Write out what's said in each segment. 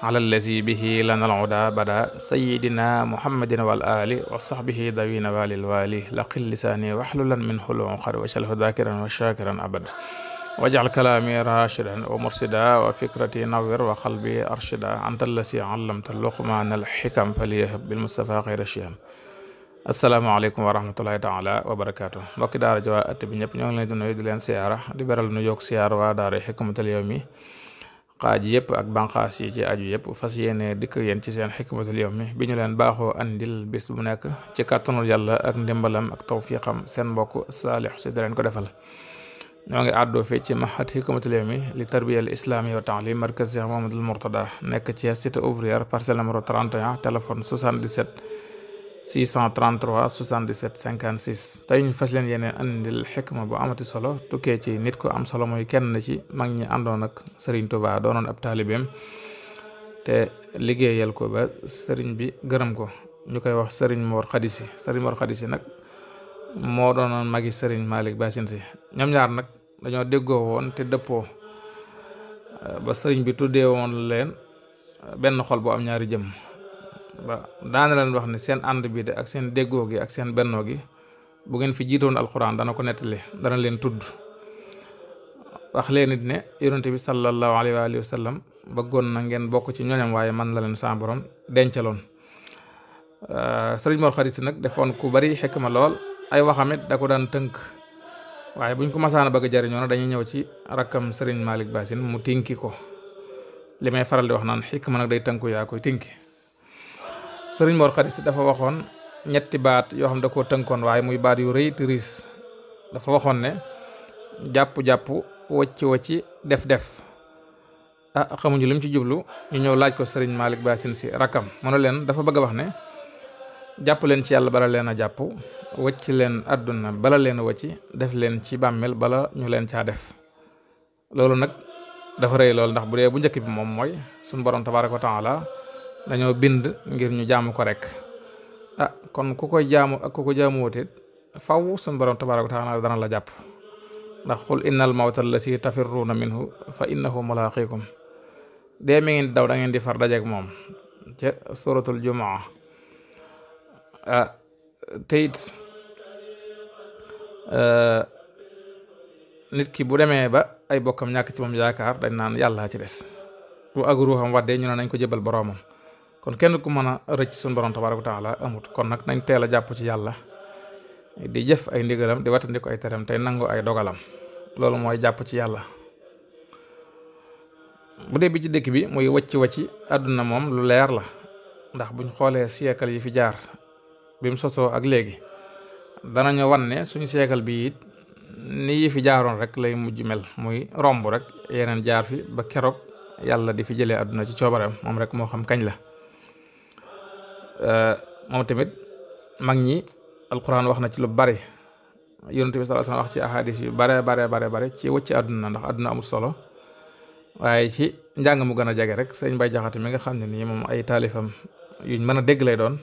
alallazi bihi lana alhuda bada sayidina muhammadin wal ali wa sahbihi dawina walil wali laqil lisaani waxlulan min xulun xar wacalhu dakiran wa shakiran abad wajal kalaami rashidan wa mursida wa fikrati nawir wa qalbi arshida anta allasi allamta luqman alxikam faliyahab bilmustafa xayra shiyam asalaamaaleykum wa rahmatullahi taala wa barakaatu mbokki daara ji waa at bi ñëpp ñoo ngi leen di nuyu di leen siyaara di beral nu yokk siyaar waa daara xikmatul yawmi xaaj yëpp ak banqaas yi ci aju yëpp fas yéene dikk yéen ci seen xikmatul yawmi bi ñu leen baaxoo andil bis bu nekk ci kàttanul yàlla ak ndimbalam ak tawfiqam seen mbokk saalix si da leen ko defal ñoo ngi àddoo fii ci maxat xikmatul yawmi li tarbiya al islami wa taalim markaz Cheikh Mouhamadoul Mourtada nekk ci cité ouvrière parcelle numéro 31 téléphone 77 633 77 56 tey ñu fas leen yeneen andil xikma bu amati solo tukkee ci nit ku am solo mooy kenn ci mag ñi àndoon ak Serigne Touba doonoon ab taalibeem te liggéeyal ko ba Serigne bi gërëm ko ñu koy wax Serigne Mor Khadisy Serigne Mor Khadisy nag moo doonoon magi Serigne Malick Bassine si ñoom ñaar nag dañoo déggoo woon te dëppoo ba sëriñ bi tuddee woon leen benn xol boo am ñaari jëmm ba daana leen wax ne seen ànd bii de ak seen déggoo gi ak seen bennoo gi bu ngeen fi jiitoon alxuraan dana ko nettali dana leen tudd wax leen nit ne yonente bi sallallahu alayhi wa alihi wa sallam bëggoon na ngeen bokk ci ñoñam waaye man la leen sa borom dencaloon euh, sëriñ Mor Xarit Si nag defoon ku bari xekk ma lool ay waxamit da ko daan tënk waaye buñ ko masaana bëgg jariñoo nag dañuy ñëw ci rakkam sëriñ Malick Basin mu tinki ko li may faral di wax naan xikma nag day tënku yaa koy sëriñ Mor Khary Sy dafa waxoon ñetti baat yoo xam da koo tënkoon waaye muy baat yu rëy te riis dafa waxoon ne jàpp-jàpp wacci wacci def-def ah xamuñu lim ci jublu ñu ñëw laaj ko sëriñ Malick Bassine Sy rakkam mu ne leen dafa bëgg a wax ne jàpp leen ci yàlla bala leen a jàpp wacci leen àdduna bala leen wacci def leen ci bàmmeel bala ñu leen caa def loolu nag dafa rëy lool ndax bu dee bu njëkk bi moom mooy suñu borom tabaaraka wa taala dañoo bind ngir ñu jaamu ko rek ah kon ku koy jaamu ak ku ko jaamuwut faw suñu borom tabaaraka taala dana la jàpp ndax xul innal mawta allati tafirruuna minhu fa innahu mulaaqikum dee mi ngeen daw da ngeen di far dajeek moom ca suratul jumaa ah eh, nit ki bu demee ba ay bokkam ñàkk ci moom yaakaar dañ naan yàlla ci des bu ak ruuxam waddee ñu ne nañ ko jëbal boroomam kon kenn ku mën a rëcc suñ suñu borom tabaaraka taala amut kon nag nañ teel a jàpp ci yàlla di jëf ay ndigalam di wattandi ay teram tey nangu ay dogalam loolu mooy jàpp ci yàlla bu dee bi ci dëkk bi muy wacci wacci àdduna moom lu leer la ndax buñ xoolee siècle yi fi jaar bi mu sosoo ak léegi danañu wan ne suñu siècle bi it ni yi fi jaaroon rek lay mujj mel muy romb rek yeneen jaar fi ba keroog yàlla di fi jëlee àdduna ci coobareem moom rek moo xam kañ la Euh, moom tamit mag ñi alquran wax na ci lu bari yonent bi sallallahu alayhi wasallam wax ci ahadis yu bare bare bare bare ci wëcc àdduna ndax àdduna amul solo waaye ci njàng mu gën a jege rek sëñ Bay Jaxate mi nga xam ne nii moom ay taalifam yuñ mën a dégg lay doon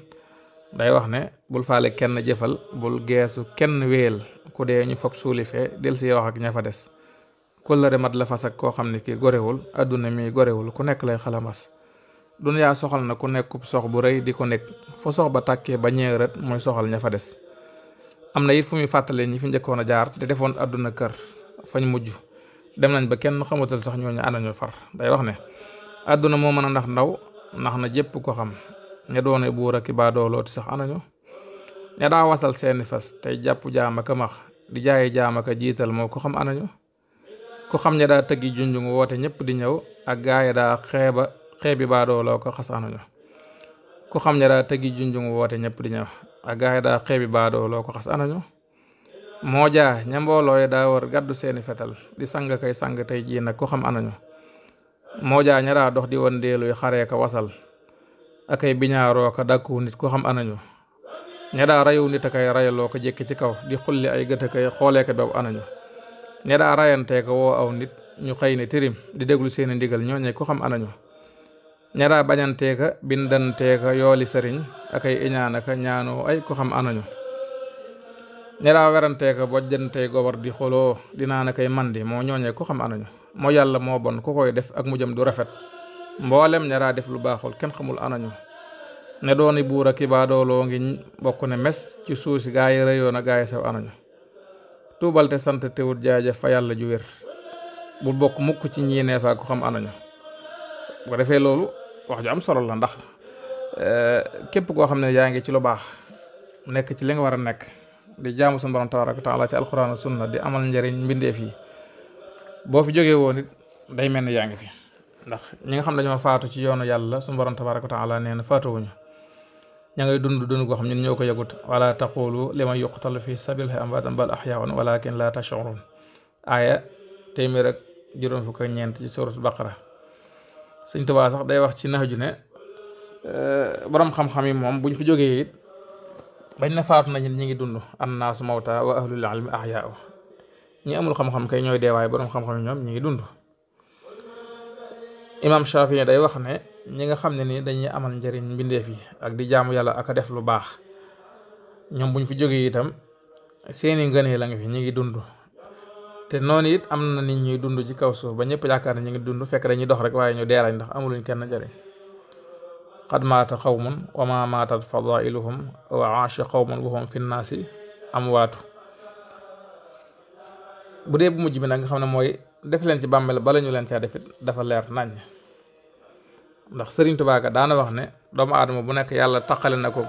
day wax ne bul faale kenn jëfal bul geesu kenn wéel ku dee ñu foog suuli fee del si wax ak ña fa des kóllëre mat la fas ak koo xam ne kii gorewul àdduna mi gorewul ku nekk lay xalamas duniyaa soxal na ku nekkub sox bu rëy di ko nekk foo sox ba tàkkee ba ñee rët mooy soxal ña fa des am na it fu muy fàttalee ñi fi njëkkoon a jaar te defoon àdduna kër fañ mujj dem nañ ba kenn xamatul sax ñooñu àndañu far day wax ne àdduna moo mën a ndax ndaw ndax na jépp ko xam ña doone buur ak baadoo looti sax anañu ña daa wasal seeni fas tey jàpp jaamaka max di jaayi jaamaka jiital moo ko xam anañu ku xam ña daa tëggi junjung woote ñëpp di ñëw ak xeebi baadooloo ko xasaanu ku xam ne daa tegi junjung woote ñëpp di ñëw ak gaay daa xeebi baadooloo ko xas anañu moo ña mbooloo daa war gàddu seeni fetal di sang kay sang tey jii nag ku xam anañu moo dox di wan deeluy xaree ko wasal akay biñaaroo ko dàkkuwu nit ku xam anañu ña daa rayu nit akay rayaloo ko jékki ci kaw di xulli ay gët akay xoolee ko anañu ña daa rayantee woo aw nit ñu xëy ne tirim di déglu seeni ndigal ñooñe ku xam anañu ñaraa bañanteeka bindanteeka yooli sëriñ ak ay iñaanaka ñaanoo ay ko xam anañu ñaraa weranteeka bojjantee gobar di xoloo dinaa nakay mandi moo ñooñee ko xam anañu moo yàlla moo bon ku koy def ak mujjam du rafet mboolem ñaraa def lu baaxul kenn xamul anañu ne dooni buur a kibaadooloo ngi bokk ne mes ci suusi gaa yi rëyoon a gaa yi sew anañu tuubal sant te wut jaajëf fa yàlla ju wér bul bokk mukk ci ñiineef ak xam anañu bu defee loolu wax ju am solo la ndax eh, képp koo xam ne yaa ngi ci lu baax nekk ci li nga war a nekk di jaamu suñu borom tabaraka taala ci alxuraan sunna di amal njariñ mbindeef yi boo fi jógee woon it day mel ni yaa ngi fi ndax ñi nga xam ne dañoo faatu ci yoonu yàlla suñu borom tabaraka taala nee na faatuwuñu ña ngay dund dund goo xam ñun ñoo ko yëgut wala taqulu li man yuqtalu fi sabilillahi amwaatan bal ahyaun walakin la tashurun aaya téeméer ak juróom fukk ak ñeent ci suratul sëñ Tuubaa sax day wax ci nax ju ne eh, borom xam-xam yi moom buñ fi jógee it bañ na faatu nañu ñi ngi dund annaasu mawta wa ahlul ilmi ahyaa ñi amul xam-xam kay ñooy deewaay borom xam-xam yi ñoom ñi ngi dund imaam Shaafi'i day wax ne ñi nga xam ne nii dañuy amal njëriñ mbindeef yi ak di jaamu yàlla ak def lu baax ñoom buñ fi jógee itam seeni ngënee la nga fi ñi ngi dund te noonu it am na nit ñuy dund ci kaw suuf ba ñëpp yaakaar ne ñu ngi dund fekk dañuy dox rek waaye ñu dee lañ ndax amuluñ kenn jëriñ qad xaw qawmun wa ma maatat fadailuhum wa aacha qawmun wa hum fi nnaasi am waatu bu dee bu mujj bi nag nga xam ne mooy def leen ci bàmmeel bala ñu leen caa defit dafa leer nañ ndax sëriñ Tuubaa ka daana wax ne doomu aadama bu nekk yàlla taqale na ko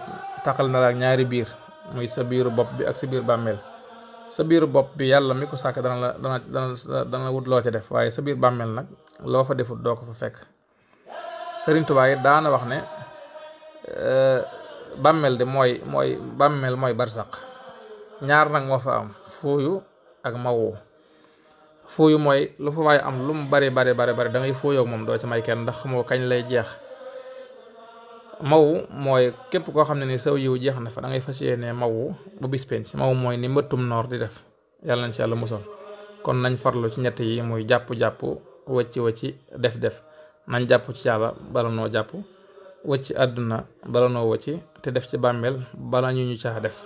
taqale na la ak ñaari biir muy sa biiru bopp bi ak si biir bàmmeel sa biir bopp bi yàlla mi ko sàkk dana la dana dana dana wut loo ci def waaye sa biir bàmmeel nag loo fa defut doo ko fa fekk Sëriñ Tuubaa yi daana wax ne eh, bàmmeel de mooy mooy bàmmeel mooy barsaq ñaar nag moo fa am fuuyu ak mawu fuuyu mooy lu fa waaye am lu mu bari bari bari bari da ngay fuuyoo moom doo ci may kenn ndax moo kañ lay jeex maw mooy képp koo xam ne ni saw yiw jeex na fa da ngay fas yéene maw bu bis penc maw mooy ni mbëttum noor di def yàlla nañ ci yàlla musal kon nañ farlu ci ñett yi muy jàpp-jàpp wëcci wëcci def-def nañ jàpp ci yàlla bala noo jàpp wëcci àdduna bala noo wëcci te def ci bàmmeel bala ñu ñu caa def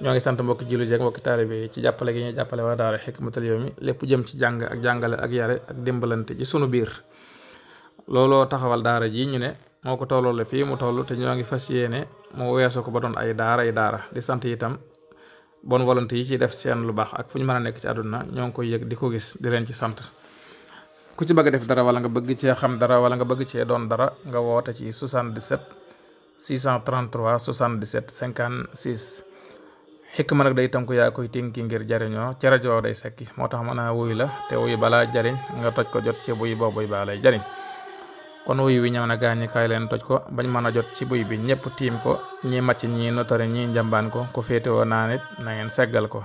ñoo ngi sant mbokki jullit yi ak mbokki taalibe yi ci jàppale gi ñuy jàppale waa daara Hikmatul Yawmi lépp jëm ci jàng ak jàngale ak yare ak dimbalante ci sunu biir looloo taxawal daara ji ñu ne moo ko la fii mu tollu te ñoo ngi fas yéene mu weesu ko ba doon ay daara ay daara di sant itam bon volonté yi ci def seen lu baax ak fu ñu mën a nekk ci àdduna ñoo ngi ko yëg di ko gis di leen ci sant ku ci bëgg def dara wala nga bëgg cee xam dara wala nga bëgg cee doon dara nga woote ci 77 633 77 56 ma nag day tënku yaa koy tinki ngir jariñoo ci rajo day sekki moo tax mën a wuy la te wuy balaa jariñ nga toj ko jot ci buy boobuy baa jariñ kon wuy wi ñëw na gaañi leen toj ko bañ mën a jot ci buy bi ñëpp tiim ko ñi màcc ñi notari ñi njambaan ko ku féetewoo naa nit na ngeen seggal ko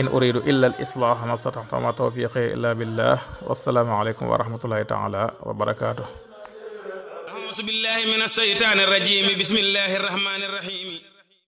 in uridu illa al islaah ma stataxta ma tawfiqi illa billah wassalaamu aleykum wa rahmatullahi taala wa barakaatuh ausu billahi min alsheytaani arrajim bismillahi arrahmani